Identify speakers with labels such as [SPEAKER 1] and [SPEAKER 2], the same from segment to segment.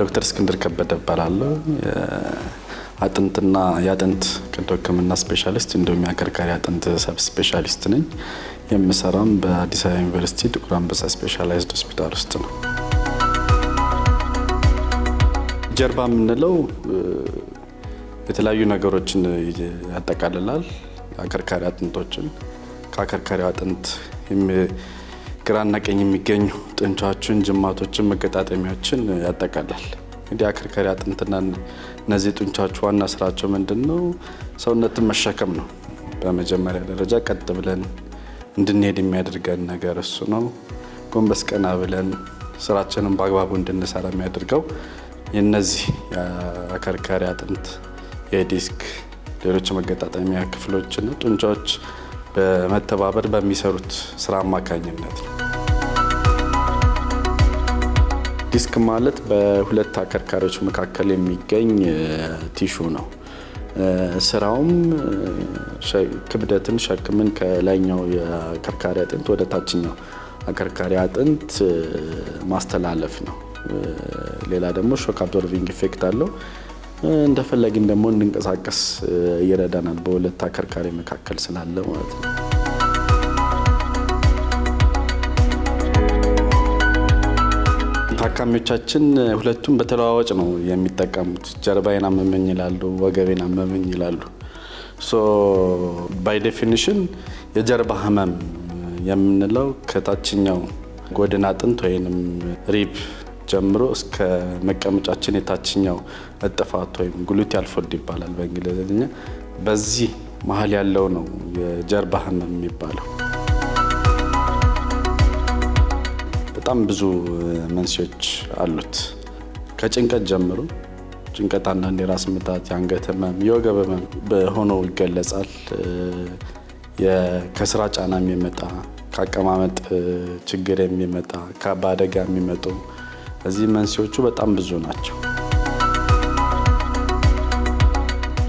[SPEAKER 1] ዶክተር እስክንድር ከበደ እባላለሁ። አጥንትና የአጥንት ቀዶ ሕክምና ስፔሻሊስት እንዲሁም የአከርካሪ አጥንት ሰብ ስፔሻሊስት ነኝ። የምሰራም በአዲስ አበባ ዩኒቨርሲቲ ጥቁር አንበሳ ስፔሻላይዝድ ሆስፒታል ውስጥ ነው። ጀርባ የምንለው የተለያዩ ነገሮችን ያጠቃልላል። አከርካሪ አጥንቶችን ከአከርካሪ አጥንት ግራና ቀኝ የሚገኙ ጡንቻዎችን፣ ጅማቶችን፣ መገጣጠሚያዎችን ያጠቃልላል። እንግዲህ አከርካሪ አጥንትና እነዚህ ጡንቻዎች ዋና ስራቸው ምንድን ነው? ሰውነትን መሸከም ነው። በመጀመሪያ ደረጃ ቀጥ ብለን እንድንሄድ የሚያደርገን ነገር እሱ ነው። ጎንበስ ቀና ብለን ስራችንን በአግባቡ እንድንሰራ የሚያደርገው የነዚህ አከርካሪ አጥንት፣ የዲስክ ሌሎች መገጣጠሚያ ክፍሎችና ጡንቻዎች በመተባበር በሚሰሩት ስራ አማካኝነት ነው። ዲስክ ማለት በሁለት አከርካሪዎች መካከል የሚገኝ ቲሹ ነው። ስራውም ክብደትን ሸክምን ከላይኛው የአከርካሪ አጥንት ወደ ታችኛው አከርካሪ አጥንት ማስተላለፍ ነው። ሌላ ደግሞ ሾክ አብዞርቪንግ ኢፌክት አለው። እንደፈለግን ደግሞ እንድንቀሳቀስ ይረዳናል። በሁለት አከርካሪ መካከል ስላለ ማለት ነው። ታካሚዎቻችን ሁለቱም በተለዋዋጭ ነው የሚጠቀሙት። ጀርባዬን አመመኝ ይላሉ፣ ወገቤን አመመኝ ይላሉ። ባይ ዴፊኒሽን የጀርባ ህመም የምንለው ከታችኛው ጎድን አጥንት ወይንም ሪብ ጀምሮ እስከ መቀመጫችን የታችኛው እጥፋት ወይም ግሉቲያል ፎልድ ይባላል በእንግሊዝኛ። በዚህ መሀል ያለው ነው የጀርባ ህመም የሚባለው። በጣም ብዙ መንስኤዎች አሉት። ከጭንቀት ጀምሮ ጭንቀት አንዳንድ የራስ ምታት፣ የአንገት ህመም፣ የወገብ ህመም ሆኖ ይገለጻል። ከስራ ጫና የሚመጣ ከአቀማመጥ ችግር የሚመጣ በአደጋ የሚመጡ እዚህ መንስኤዎቹ በጣም ብዙ ናቸው።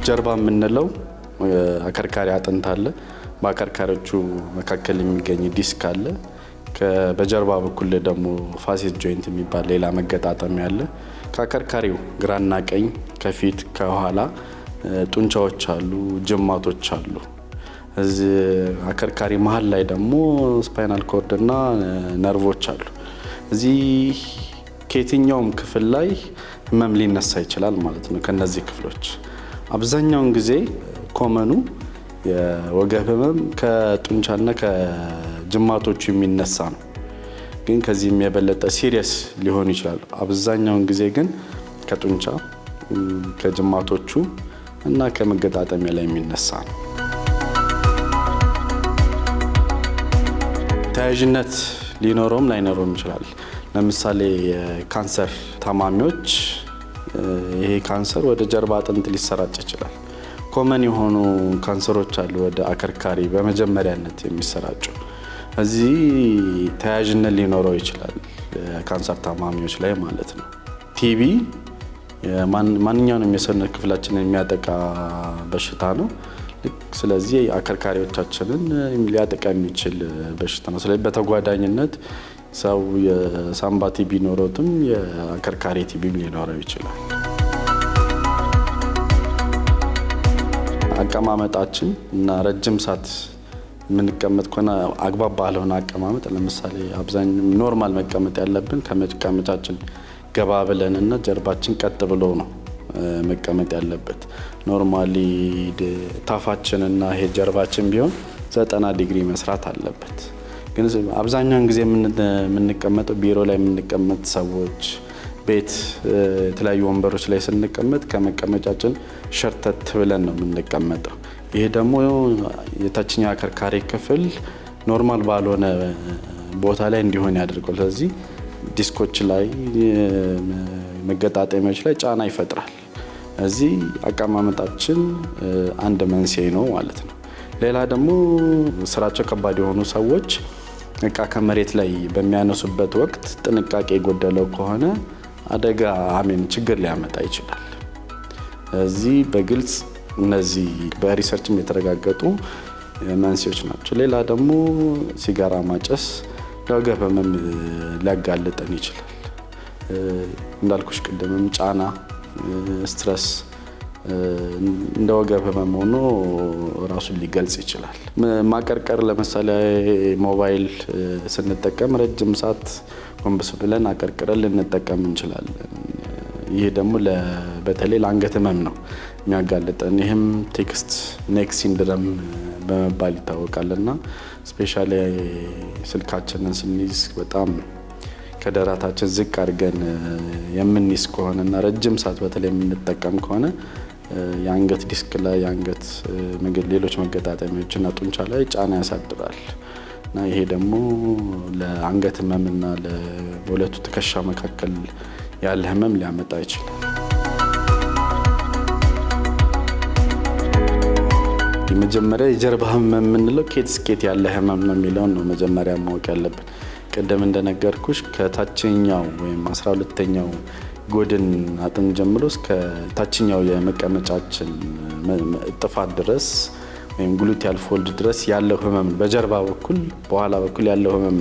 [SPEAKER 1] ጀርባ የምንለው አከርካሪ አጥንት አለ። በአከርካሪዎቹ መካከል የሚገኝ ዲስክ አለ። በጀርባ በኩል ደግሞ ፋሴት ጆይንት የሚባል ሌላ መገጣጠሚያ አለ። ከአከርካሪው ግራና ቀኝ፣ ከፊት ከኋላ ጡንቻዎች አሉ፣ ጅማቶች አሉ። እዚህ አከርካሪ መሀል ላይ ደግሞ ስፓይናል ኮርድ እና ነርቮች አሉ እዚህ ከየትኛውም ክፍል ላይ ህመም ሊነሳ ይችላል ማለት ነው። ከነዚህ ክፍሎች አብዛኛውን ጊዜ ኮመኑ የወገብ ህመም ከጡንቻና ከጅማቶቹ የሚነሳ ነው። ግን ከዚህም የበለጠ ሲሪየስ ሊሆኑ ይችላሉ። አብዛኛውን ጊዜ ግን ከጡንቻ ከጅማቶቹ እና ከመገጣጠሚያ ላይ የሚነሳ ነው። ተያያዥነት ሊኖረውም ላይኖረውም ይችላል። ለምሳሌ የካንሰር ታማሚዎች ይሄ ካንሰር ወደ ጀርባ አጥንት ሊሰራጭ ይችላል። ኮመን የሆኑ ካንሰሮች አሉ፣ ወደ አከርካሪ በመጀመሪያነት የሚሰራጩ እዚህ ተያያዥነት ሊኖረው ይችላል፣ ካንሰር ታማሚዎች ላይ ማለት ነው። ቲቪ ማንኛውንም የሰውነት ክፍላችንን የሚያጠቃ በሽታ ነው። ስለዚህ አከርካሪዎቻችንን ሊያጠቃ የሚችል በሽታ ነው። ስለዚህ በተጓዳኝነት ሰው የሳምባ ቲቢ ኖሮትም የአከርካሪ ቲቢም ሊኖረው ይችላል። አቀማመጣችን እና ረጅም ሰዓት የምንቀመጥ ከሆነ አግባብ ባልሆነ አቀማመጥ፣ ለምሳሌ አብዛኛው ኖርማል መቀመጥ ያለብን ከመቀመጫችን ገባ ብለንና ጀርባችን ቀጥ ብሎ ነው መቀመጥ ያለበት። ኖርማሊ ታፋችንና ይሄ ጀርባችን ቢሆን ዘጠና ዲግሪ መስራት አለበት። ግን አብዛኛውን ጊዜ የምንቀመጠው ቢሮ ላይ የምንቀመጥ ሰዎች ቤት የተለያዩ ወንበሮች ላይ ስንቀመጥ ከመቀመጫችን ሸርተት ብለን ነው የምንቀመጠው። ይሄ ደግሞ የታችኛው አከርካሪ ክፍል ኖርማል ባልሆነ ቦታ ላይ እንዲሆን ያደርገው። ስለዚህ ዲስኮች ላይ፣ መገጣጠሚያዎች ላይ ጫና ይፈጥራል። እዚህ አቀማመጣችን አንድ መንስኤ ነው ማለት ነው። ሌላ ደግሞ ስራቸው ከባድ የሆኑ ሰዎች እቃ ከመሬት ላይ በሚያነሱበት ወቅት ጥንቃቄ የጎደለው ከሆነ አደጋ አሜን ችግር ሊያመጣ ይችላል። እዚህ በግልጽ እነዚህ በሪሰርችም የተረጋገጡ መንስኤዎች ናቸው። ሌላ ደግሞ ሲጋራ ማጨስ ለወገብ ህመም ሊያጋልጠን ይችላል። እንዳልኩሽ ቅድምም ጫና፣ ስትረስ እንደ ወገብ ህመም ሆኖ ራሱን ሊገልጽ ይችላል። ማቀርቀር ለምሳሌ ሞባይል ስንጠቀም ረጅም ሰዓት ጎንበስ ብለን አቀርቅረን ልንጠቀም እንችላለን። ይህ ደግሞ በተለይ ለአንገት ህመም ነው የሚያጋልጠን። ይህም ቴክስት ኔክ ሲንድረም በመባል ይታወቃል እና ስፔሻሊ ስልካችንን ስንይዝ በጣም ከደራታችን ዝቅ አድርገን የምንይዝ ከሆነ እና ረጅም ሰዓት በተለይ የምንጠቀም ከሆነ የአንገት ዲስክ ላይ የአንገት ሌሎች መገጣጠሚያዎች እና ጡንቻ ላይ ጫና ያሳድራል እና ይሄ ደግሞ ለአንገት ህመም ና በሁለቱ ትከሻ መካከል ያለ ህመም ሊያመጣ ይችላል። የመጀመሪያ የጀርባ ህመም የምንለው ኬት ስኬት ያለ ህመም ነው የሚለውን ነው መጀመሪያ ማወቅ ያለብን። ቅድም እንደነገርኩሽ ከታችኛው ወይም አስራ ሁለተኛው ጎድን አጥን ጀምሮ እስከ ታችኛው የመቀመጫችን ጥፋት ድረስ ወይም ግሉቲያል ፎልድ ድረስ ያለው ህመም በጀርባ በኩል በኋላ በኩል ያለው ህመም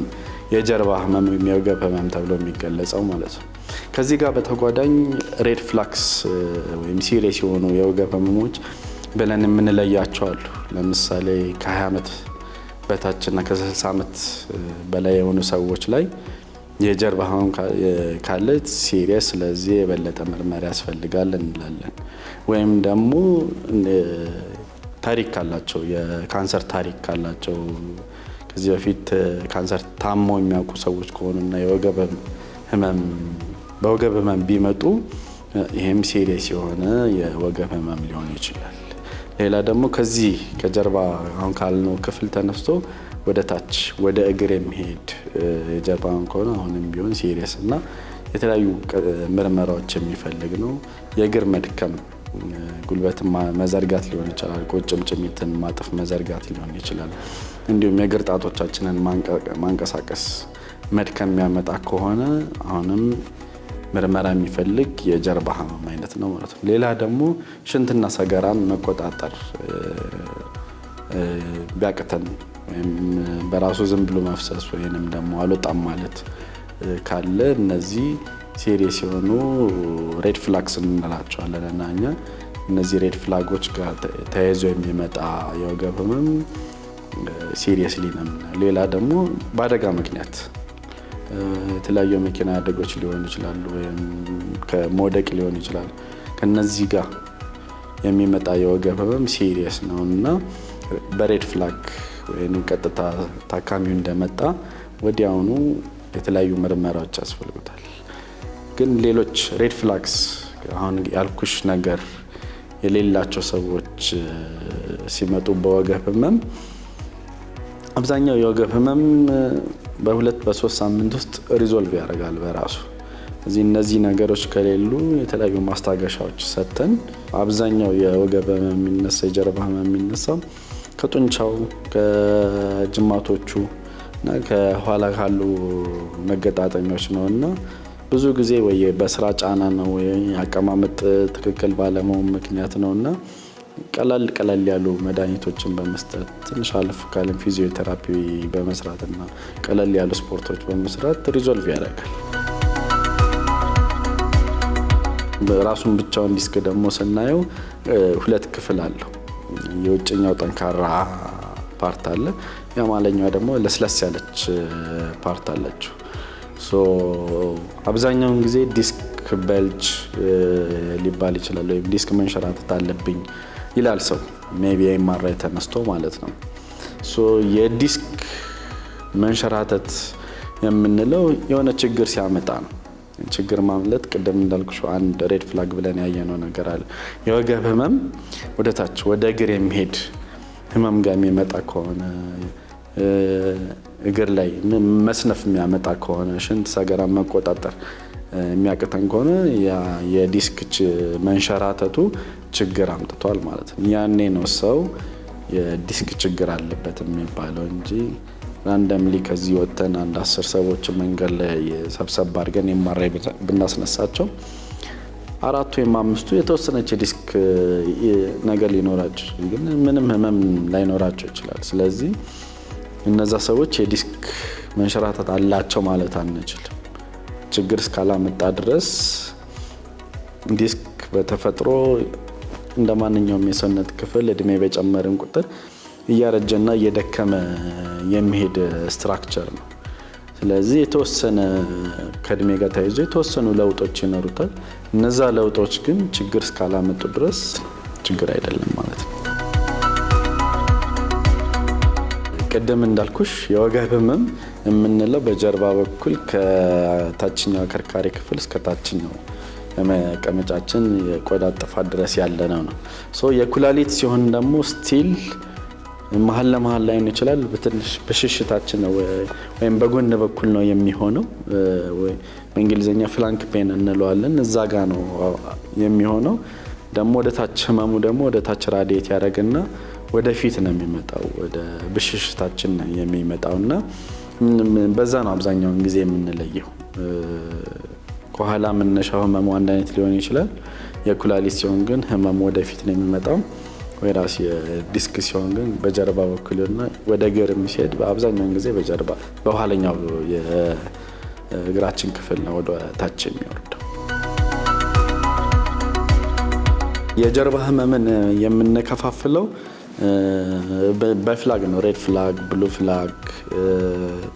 [SPEAKER 1] የጀርባ ህመም የወገብ ህመም ተብሎ የሚገለጸው ማለት ነው። ከዚህ ጋር በተጓዳኝ ሬድ ፍላክስ ወይም ሲሪየስ የሆኑ የወገብ ህመሞች ብለን የምንለያቸው አሉ። ለምሳሌ ከ20 ዓመት በታችና ከ60 ዓመት በላይ የሆኑ ሰዎች ላይ የጀርባ ህመም ካለ ሲሪየስ፣ ስለዚህ የበለጠ ምርመራ ያስፈልጋል እንላለን። ወይም ደግሞ ታሪክ ካላቸው የካንሰር ታሪክ ካላቸው ከዚህ በፊት ካንሰር ታሞ የሚያውቁ ሰዎች ከሆኑና የወገብ ህመም በወገብ ህመም ቢመጡ ይህም ሲሪየስ የሆነ የወገብ ህመም ሊሆን ይችላል። ሌላ ደግሞ ከዚህ ከጀርባ አሁን ካልነው ክፍል ተነስቶ ወደ ታች ወደ እግር የሚሄድ የጀርባን ከሆነ አሁንም ቢሆን ሲሪየስ እና የተለያዩ ምርመራዎች የሚፈልግ ነው። የእግር መድከም ጉልበት መዘርጋት ሊሆን ይችላል። ቁርጭምጭሚትን ማጠፍ መዘርጋት ሊሆን ይችላል። እንዲሁም የእግር ጣቶቻችንን ማንቀሳቀስ መድከም የሚያመጣ ከሆነ አሁንም ምርመራ የሚፈልግ የጀርባ ህመም አይነት ነው ማለት ነው። ሌላ ደግሞ ሽንትና ሰገራን መቆጣጠር ቢያቅተን ወይም በራሱ ዝም ብሎ መፍሰስ ወይንም ደግሞ አልወጣም ማለት ካለ እነዚህ ሴሪየስ የሆኑ ሬድ ፍላግስ እንላቸዋለን እና እኛ እነዚህ ሬድ ፍላጎች ጋር ተያይዞ የሚመጣ የወገብ ህመም ሲሪየስ ነው የምናየው። ሌላ ደግሞ በአደጋ ምክንያት የተለያዩ መኪና አደጎች ሊሆኑ ይችላሉ፣ ወይም ከመውደቅ ሊሆን ይችላል። ከነዚህ ጋር የሚመጣ የወገብ ህመም ሲሪየስ ነው እና በሬድ ፍላግ ወይም ቀጥታ ታካሚው እንደመጣ ወዲያውኑ የተለያዩ ምርመራዎች ያስፈልጉታል። ግን ሌሎች ሬድ ፍላክስ አሁን ያልኩሽ ነገር የሌላቸው ሰዎች ሲመጡ በወገብ ህመም አብዛኛው የወገብ ህመም በሁለት በሶስት ሳምንት ውስጥ ሪዞልቭ ያደርጋል በራሱ። እዚህ እነዚህ ነገሮች ከሌሉ የተለያዩ ማስታገሻዎች ሰጥተን አብዛኛው የወገብ ህመም የሚነሳ የጀርባ ህመም የሚነሳው ከጡንቻው ከጅማቶቹ እና ከኋላ ካሉ መገጣጠሚያዎች ነው እና ብዙ ጊዜ ወይ በስራ ጫና ነው ወይ አቀማመጥ ትክክል ባለመሆን ምክንያት ነው እና ቀላል ቀላል ያሉ መድኃኒቶችን በመስጠት ትንሽ አለፍ ካለም ፊዚዮቴራፒ በመስራት እና ቀላል ያሉ ስፖርቶች በመስራት ሪዞልቭ ያደርጋል። ራሱን ብቻውን ዲስክ ደግሞ ስናየው ሁለት ክፍል አለው። የውጭኛው ጠንካራ ፓርት አለ፣ የአማለኛዋ ደግሞ ለስለስ ያለች ፓርት አለችው። አብዛኛውን ጊዜ ዲስክ በልጅ ሊባል ይችላል፣ ወይም ዲስክ መንሸራተት አለብኝ ይላል ሰው ሜቢ ኤምአር ተነስቶ ማለት ነው። የዲስክ መንሸራተት የምንለው የሆነ ችግር ሲያመጣ ነው። ችግር ማምለጥ ቅድም እንዳልኩሽ አንድ ሬድ ፍላግ ብለን ያየነው ነገር አለ። የወገብ ህመም ወደ ታች ወደ እግር የሚሄድ ህመም ጋር የሚመጣ ከሆነ እግር ላይ መስነፍ የሚያመጣ ከሆነ ሽንት ሰገራ መቆጣጠር የሚያቅተን ከሆነ የዲስክ መንሸራተቱ ችግር አምጥቷል ማለት ነው። ያኔ ነው ሰው የዲስክ ችግር አለበት የሚባለው እንጂ ራንደምሊ ከዚህ ወጥተን አንድ አስር ሰዎች መንገድ ላይ ሰብሰብ አድርገን የማራይ ብናስነሳቸው አራቱ ወይም አምስቱ የተወሰነች ዲስክ ነገር ሊኖራቸው ግን ምንም ህመም ላይኖራቸው ይችላል። ስለዚህ እነዛ ሰዎች የዲስክ መንሸራተት አላቸው ማለት አንችልም። ችግር እስካላመጣ ድረስ ዲስክ በተፈጥሮ እንደ ማንኛውም የሰውነት ክፍል እድሜ በጨመርን ቁጥር እያረጀና እየደከመ የሚሄድ ስትራክቸር ነው። ስለዚህ የተወሰነ ከእድሜ ጋር ተያይዞ የተወሰኑ ለውጦች ይኖሩታል። እነዛ ለውጦች ግን ችግር እስካላመጡ ድረስ ችግር አይደለም ማለት ነው። ቅድም እንዳልኩሽ የወገብ ህመም የምንለው በጀርባ በኩል ከታችኛው ከርካሪ ክፍል እስከ ታችኛው መቀመጫችን የቆዳ ጥፋት ድረስ ያለ ነው ነው የኩላሊት ሲሆን ደግሞ ስቲል መሀል ለመሀል ላይ ይችላል። በትንሽ በሽሽታችን ነው ወይም በጎን በኩል ነው የሚሆነው። በእንግሊዝኛ ፍላንክ ፔን እንለዋለን። እዛ ጋ ነው የሚሆነው። ደግሞ ወደ ታች ህመሙ ደግሞ ወደ ታች ራዲየት ያደረግና ወደፊት ነው የሚመጣው፣ ወደ ብሽሽታችን ነው የሚመጣው እና በዛ ነው አብዛኛውን ጊዜ የምንለየው። ከኋላ መነሻው ህመሙ አንድ አይነት ሊሆን ይችላል። የኩላሊት ሲሆን ግን ህመሙ ወደፊት ነው የሚመጣው። ወይራስ ዲስክ ሲሆን ግን በጀርባ በኩልና ወደ እግር የሚሄድ በአብዛኛውን ጊዜ በጀርባ በኋለኛው የእግራችን ክፍል ነው ወደ ታች የሚወርደው። የጀርባ ህመምን የምንከፋፍለው በፍላግ ነው። ሬድ ፍላግ፣ ብሉ ፍላግ፣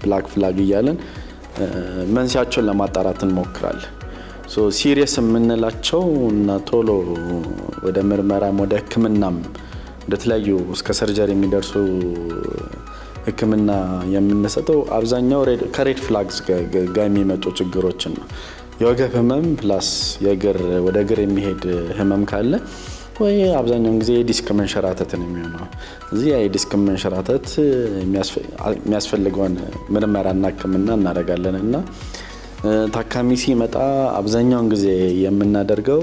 [SPEAKER 1] ብላክ ፍላግ እያለን መንስያቸውን ለማጣራት እንሞክራለን። ሲሪየስ የምንላቸው እና ቶሎ ወደ ምርመራም ወደ ህክምናም ወደ ተለያዩ እስከ ሰርጀሪ የሚደርሱ ህክምና የምንሰጠው አብዛኛው ከሬድ ፍላግስ ጋር የሚመጡ ችግሮችን ነው። የወገብ ህመም ፕላስ የእግር ወደ እግር የሚሄድ ህመም ካለ ወይ አብዛኛውን ጊዜ የዲስክ መንሸራተትን የሚሆነው እዚህ የዲስክ መንሸራተት የሚያስፈልገውን ምርመራና ህክምና እናደርጋለን እና ታካሚ ሲመጣ አብዛኛውን ጊዜ የምናደርገው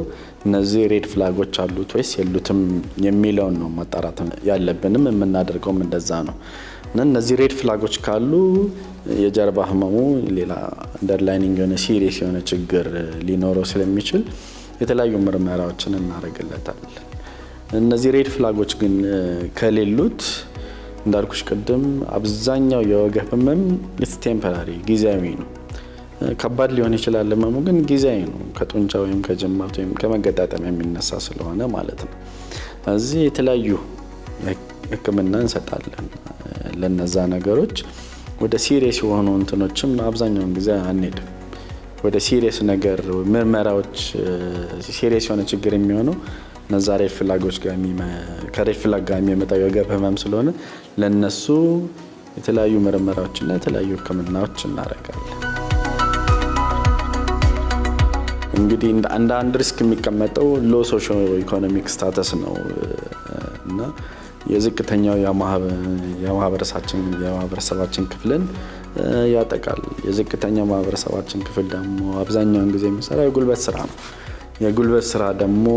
[SPEAKER 1] እነዚህ ሬድ ፍላጎች አሉት ወይስ የሉትም የሚለውን ነው ማጣራት ያለብንም፣ የምናደርገውም እንደዛ ነው። እነዚህ ሬድ ፍላጎች ካሉ የጀርባ ህመሙ ሌላ አንደርላይኒንግ የሆነ ሲሪየስ የሆነ ችግር ሊኖረው ስለሚችል የተለያዩ ምርመራዎችን እናደርግለታል። እነዚህ ሬድ ፍላጎች ግን ከሌሉት እንዳልኩሽ ቅድም አብዛኛው የወገብ ህመም ቴምፖራሪ ጊዜያዊ ነው። ከባድ ሊሆን ይችላል። ህመሙ ግን ጊዜያዊ ነው። ከጡንቻ ወይም ከጅማት ወይም ከመገጣጠም የሚነሳ ስለሆነ ማለት ነው። እዚህ የተለያዩ ህክምና እንሰጣለን ለነዛ ነገሮች። ወደ ሲሪየስ የሆኑ እንትኖችም አብዛኛውን ጊዜ አንሄድም። ወደ ሲሪየስ ነገር ምርመራዎች፣ ሲሪየስ የሆነ ችግር የሚሆነው እነዛ ሬድ ፍላጎች ከሬድ ፍላግ ጋር የሚመጣ የወገብ ህመም ስለሆነ ለነሱ የተለያዩ ምርመራዎችና የተለያዩ ህክምናዎች እናደርጋለን። እንግዲህ እንደ አንድ ሪስክ የሚቀመጠው ሎ ሶሾ ኢኮኖሚክ ስታተስ ነው እና የዝቅተኛው የማህበረሰባችን ክፍልን ያጠቃል። የዝቅተኛው ማህበረሰባችን ክፍል ደግሞ አብዛኛውን ጊዜ የሚሰራ የጉልበት ስራ ነው። የጉልበት ስራ ደግሞ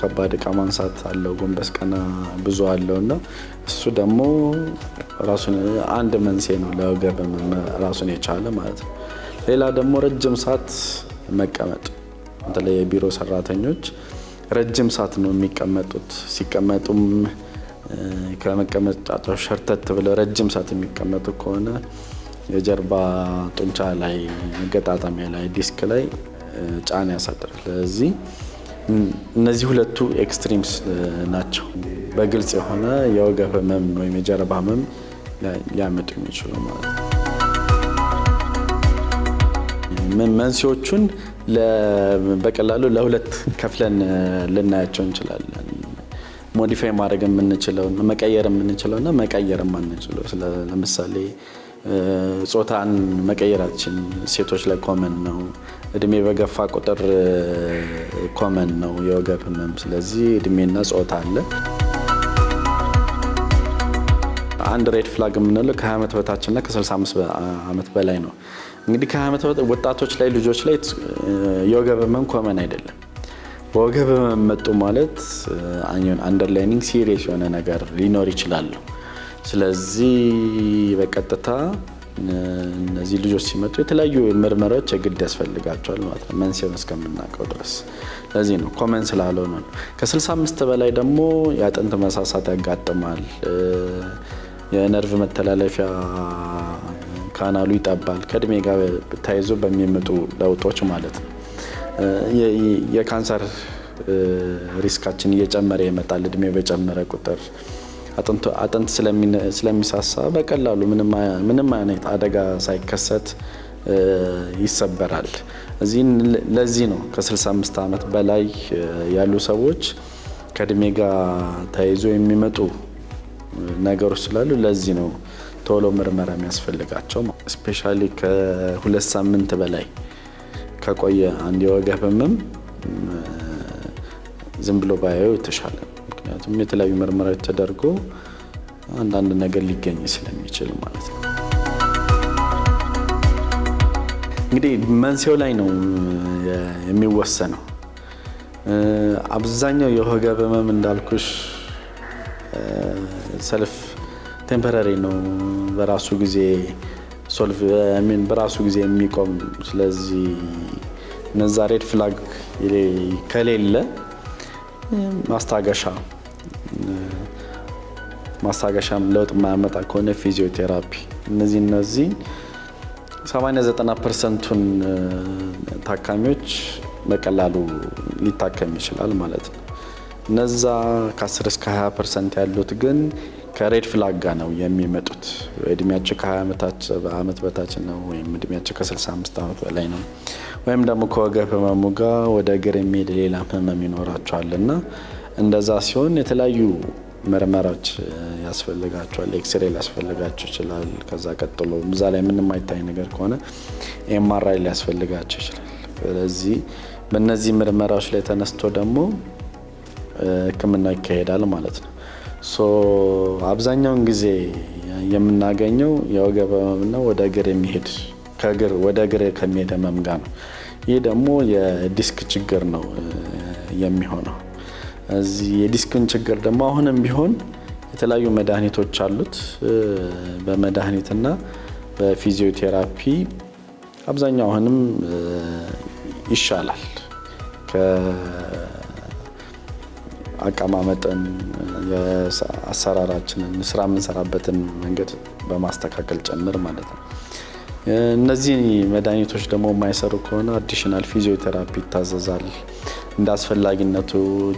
[SPEAKER 1] ከባድ እቃ ማንሳት አለው፣ ጎንበስ ቀና ብዙ አለው እና እሱ ደግሞ ራሱን አንድ መንስኤ ነው ለወገብ ራሱን የቻለ ማለት ነው። ሌላ ደግሞ ረጅም ሰዓት መቀመጥ በተለይ የቢሮ ሰራተኞች ረጅም ሰዓት ነው የሚቀመጡት። ሲቀመጡም ከመቀመጫቸው ሸርተት ብለው ረጅም ሰዓት የሚቀመጡ ከሆነ የጀርባ ጡንቻ ላይ መገጣጠሚያ ላይ ዲስክ ላይ ጫና ያሳድራል። ስለዚህ እነዚህ ሁለቱ ኤክስትሪምስ ናቸው በግልጽ የሆነ የወገብ ህመም ወይም የጀርባ ህመም ሊያመጡ የሚችሉ ማለት ነው። መንስኤዎቹን በቀላሉ ለሁለት ከፍለን ልናያቸው እንችላለን። ሞዲፋይ ማድረግ የምንችለው መቀየር የምንችለው እና መቀየር የማንችለው። ለምሳሌ ጾታን መቀየራችን ሴቶች ላይ ኮመን ነው። እድሜ በገፋ ቁጥር ኮመን ነው የወገብ ህመም። ስለዚህ እድሜና ጾታ አለ። አንድ ሬድ ፍላግ የምንለው ከ20 ዓመት በታችንና ከ65 ዓመት በላይ ነው። እንግዲህ ከዓመት ወጣቶች ላይ ልጆች ላይ የወገብ ህመም ኮመን አይደለም። በወገብ ህመም መጡ ማለት አንደርላይኒንግ ሲሪየስ የሆነ ነገር ሊኖር ይችላሉ። ስለዚህ በቀጥታ እነዚህ ልጆች ሲመጡ የተለያዩ ምርመራዎች የግድ ያስፈልጋቸዋል ማለት ነው፣ መንስኤውን እስከምናውቀው ድረስ። ለዚህ ነው ኮመን ስላልሆነ ነው። ከ65 በላይ ደግሞ የአጥንት መሳሳት ያጋጥማል፣ የነርቭ መተላለፊያ ካናሉ ይጠባል፣ ከእድሜ ጋር ተያይዞ በሚመጡ ለውጦች ማለት ነው። የካንሰር ሪስካችን እየጨመረ ይመጣል። እድሜ በጨመረ ቁጥር አጥንት ስለሚሳሳ በቀላሉ ምንም አይነት አደጋ ሳይከሰት ይሰበራል። እዚህን ለዚህ ነው ከ65 ዓመት በላይ ያሉ ሰዎች ከእድሜ ጋር ተያይዞ የሚመጡ ነገሮች ስላሉ ለዚህ ነው ቶሎ ምርመራ የሚያስፈልጋቸው እስፔሻሊ ከሁለት ሳምንት በላይ ከቆየ አንድ የወገብ ህመም ዝም ብሎ ባየው የተሻለ ምክንያቱም የተለያዩ ምርመራዎች ተደርጎ አንዳንድ ነገር ሊገኝ ስለሚችል ማለት ነው። እንግዲህ መንስኤው ላይ ነው የሚወሰነው። አብዛኛው የወገብ ህመም እንዳልኩሽ ሰልፍ ቴምፐራሪ ነው በራሱ ጊዜ ሶልቭ ሚን በራሱ ጊዜ የሚቆም ስለዚህ እነዛ ሬድ ፍላግ ከሌለ ማስታገሻ ማስታገሻ ለውጥ የማያመጣ ከሆነ ፊዚዮቴራፒ እነዚህ እነዚህ 89 ፐርሰንቱን ታካሚዎች በቀላሉ ሊታከም ይችላል ማለት ነው። እነዛ ከ10 እስከ 20 ፐርሰንት ያሉት ግን ከሬድ ፍላግ ጋር ነው የሚመጡት። እድሜያቸው ከ20 ዓመት በታች ነው ወይም እድሜያቸው ከ65 ዓመት በላይ ነው ወይም ደግሞ ከወገብ ህመሙ ጋር ወደ እግር የሚሄድ ሌላ ህመም ይኖራቸዋል እና እንደዛ ሲሆን የተለያዩ ምርመራዎች ያስፈልጋቸዋል። ኤክስሬ ሊያስፈልጋቸው ይችላል። ከዛ ቀጥሎ እዛ ላይ ምንም አይታይ ነገር ከሆነ ኤምአርአይ ሊያስፈልጋቸው ይችላል። ስለዚህ በእነዚህ ምርመራዎች ላይ ተነስቶ ደግሞ ህክምናው ይካሄዳል ማለት ነው። አብዛኛውን ጊዜ የምናገኘው የወገብ ህመም ነው፣ ወደ እግር የሚሄድ ከእግር ወደ እግር ከሚሄድ ህመም ጋር ነው። ይህ ደግሞ የዲስክ ችግር ነው የሚሆነው። እዚህ የዲስክን ችግር ደግሞ አሁንም ቢሆን የተለያዩ መድኃኒቶች አሉት። በመድኃኒትና በፊዚዮቴራፒ አብዛኛው አሁንም ይሻላል። አቀማመጥን፣ አሰራራችንን፣ ስራ የምንሰራበትን መንገድ በማስተካከል ጭምር ማለት ነው። እነዚህ መድኃኒቶች ደግሞ የማይሰሩ ከሆነ አዲሽናል ፊዚዮቴራፒ ይታዘዛል። እንደ አስፈላጊነቱ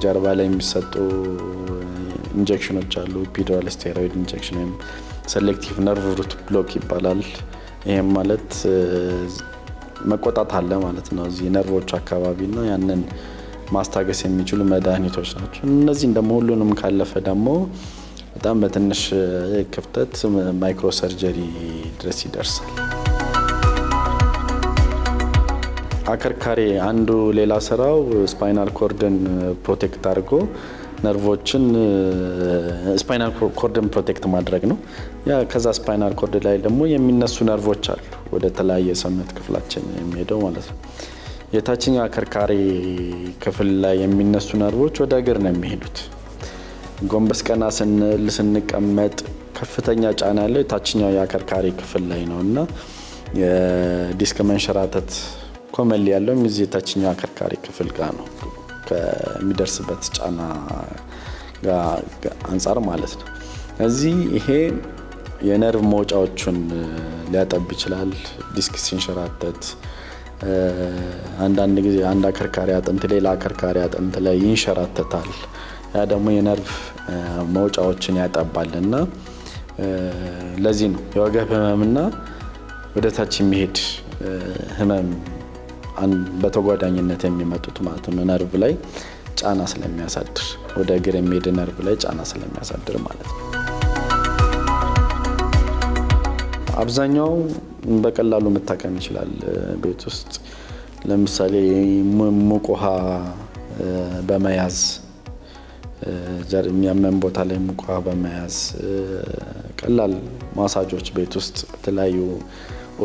[SPEAKER 1] ጀርባ ላይ የሚሰጡ ኢንጀክሽኖች አሉ። ኢፒዱራል ስቴሮይድ ኢንጀክሽን ወይም ሴሌክቲቭ ነርቭ ሩት ብሎክ ይባላል። ይህም ማለት መቆጣት አለ ማለት ነው እዚህ ነርቮች አካባቢ እና ያንን ማስታገስ የሚችሉ መድኃኒቶች ናቸው። እነዚህን ደግሞ ሁሉንም ካለፈ ደግሞ በጣም በትንሽ ክፍተት ማይክሮሰርጀሪ ድረስ ይደርሳል። አከርካሪ አንዱ ሌላ ስራው ስፓይናል ኮርድን ፕሮቴክት አድርጎ ነርቮችን ስፓይናል ኮርድን ፕሮቴክት ማድረግ ነው። ያ ከዛ ስፓይናል ኮርድ ላይ ደግሞ የሚነሱ ነርቮች አሉ፣ ወደ ተለያየ ሰውነት ክፍላችን የሚሄደው ማለት ነው። የታችኛው አከርካሪ ክፍል ላይ የሚነሱ ነርቮች ወደ እግር ነው የሚሄዱት። ጎንበስ ቀና ስንል ስንቀመጥ ከፍተኛ ጫና ያለው የታችኛው የአከርካሪ ክፍል ላይ ነው እና የዲስክ መንሸራተት ኮመል ያለውም እዚህ የታችኛው አከርካሪ ክፍል ጋር ነው ከሚደርስበት ጫና አንጻር ማለት ነው። እዚህ ይሄ የነርቭ መውጫዎቹን ሊያጠብ ይችላል ዲስክ ሲንሸራተት አንዳንድ ጊዜ አንድ አከርካሪ አጥንት ሌላ አከርካሪ አጥንት ላይ ይንሸራተታል። ያ ደግሞ የነርቭ መውጫዎችን ያጠባል እና ለዚህ ነው የወገብ ህመምና ወደ ታች የሚሄድ ህመም በተጓዳኝነት የሚመጡት ማለት ነው። ነርቭ ላይ ጫና ስለሚያሳድር ወደ እግር የሚሄድ ነርቭ ላይ ጫና ስለሚያሳድር ማለት ነው። አብዛኛው በቀላሉ መታከም ይችላል። ቤት ውስጥ ለምሳሌ ሙቅ ውሃ በመያዝ የሚያመን ቦታ ላይ ሙቅ ውሃ በመያዝ ቀላል ማሳጆች ቤት ውስጥ በተለያዩ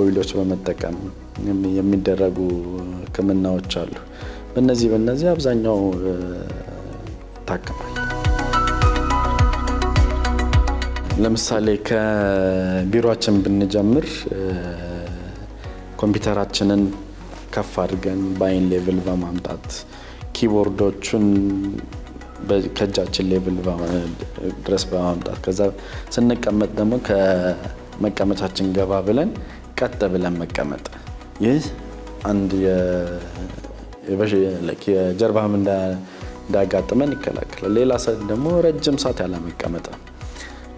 [SPEAKER 1] ኦይሎች በመጠቀም የሚደረጉ ሕክምናዎች አሉ። በነዚህ በነዚህ አብዛኛው ታክማል። ለምሳሌ ከቢሮችን ብንጀምር ኮምፒውተራችንን ከፍ አድርገን በአይን ሌቭል በማምጣት ኪቦርዶቹን ከእጃችን ሌቭል ድረስ በማምጣት ከዛ ስንቀመጥ ደግሞ ከመቀመጫችን ገባ ብለን ቀጥ ብለን መቀመጥ፣ ይህ አንድ የጀርባ ህመም እንዳያጋጥመን ይከላከላል። ሌላ ደግሞ ረጅም ሰዓት ያለመቀመጥ ነው።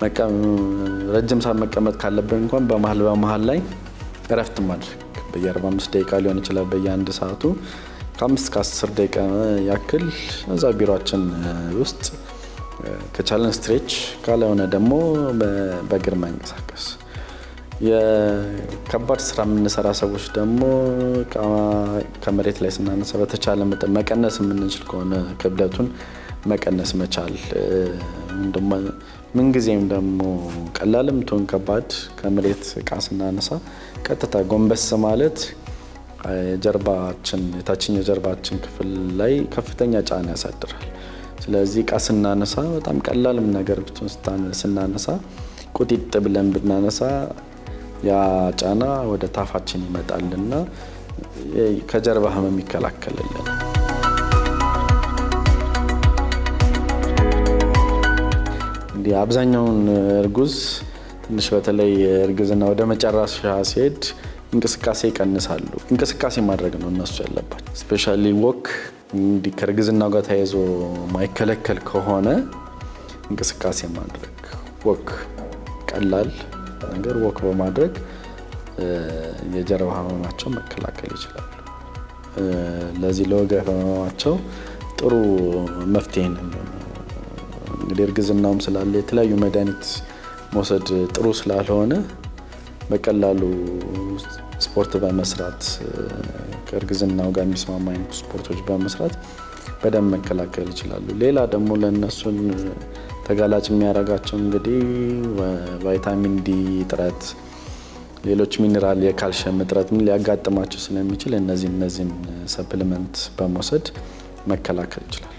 [SPEAKER 1] ረጅም ሰዓት መቀመጥ ካለብን እንኳን በመሀል በመሀል ላይ እረፍት ማድረግ በየ45 ደቂቃ ሊሆን ይችላል። በየአንድ ሰዓቱ ከአምስት ከአስር ደቂቃ ያክል እዛ ቢሮችን ውስጥ ከቻለን ስትሬች ካለሆነ ደግሞ በእግር መንቀሳቀስ። የከባድ ስራ የምንሰራ ሰዎች ደግሞ ከመሬት ላይ ስናነሳ በተቻለ መጠን መቀነስ የምንችል ከሆነ ክብደቱን መቀነስ መቻል ምንጊዜም ደግሞ ቀላልም ትሆን ከባድ ከመሬት እቃ ስናነሳ ቀጥታ ጎንበስ ማለት ጀርባችን የታችኛው ጀርባችን ክፍል ላይ ከፍተኛ ጫና ያሳድራል። ስለዚህ እቃ ስናነሳ በጣም ቀላልም ነገር ስናነሳ ቁጢጥ ብለን ብናነሳ ያ ጫና ወደ ታፋችን ይመጣልና ከጀርባ ህመም እንግዲህ አብዛኛውን እርጉዝ ትንሽ በተለይ እርግዝና ወደ መጨረሻ ሲሄድ እንቅስቃሴ ይቀንሳሉ። እንቅስቃሴ ማድረግ ነው እነሱ ያለባቸው። ስፔሻሊ ወክ እንዲህ ከእርግዝና ጋር ተያይዞ ማይከለከል ከሆነ እንቅስቃሴ ማድረግ ወክ፣ ቀላል ነገር ወክ በማድረግ የጀርባ ህመማቸው መከላከል ይችላል። ለዚህ ለወገብ ህመማቸው ጥሩ መፍትሄ ነው። እንግዲህ እርግዝናውም ስላለ የተለያዩ መድኃኒት መውሰድ ጥሩ ስላልሆነ በቀላሉ ስፖርት በመስራት ከእርግዝናው ጋር የሚስማማ አይነት ስፖርቶች በመስራት በደንብ መከላከል ይችላሉ። ሌላ ደግሞ ለእነሱን ተጋላጭ የሚያደርጋቸው እንግዲህ ቫይታሚን ዲ እጥረት፣ ሌሎች ሚኒራል፣ የካልሽየም እጥረት ሊያጋጥማቸው ስለሚችል እነዚህ እነዚህን ሰፕሊመንት በመውሰድ መከላከል ይችላል።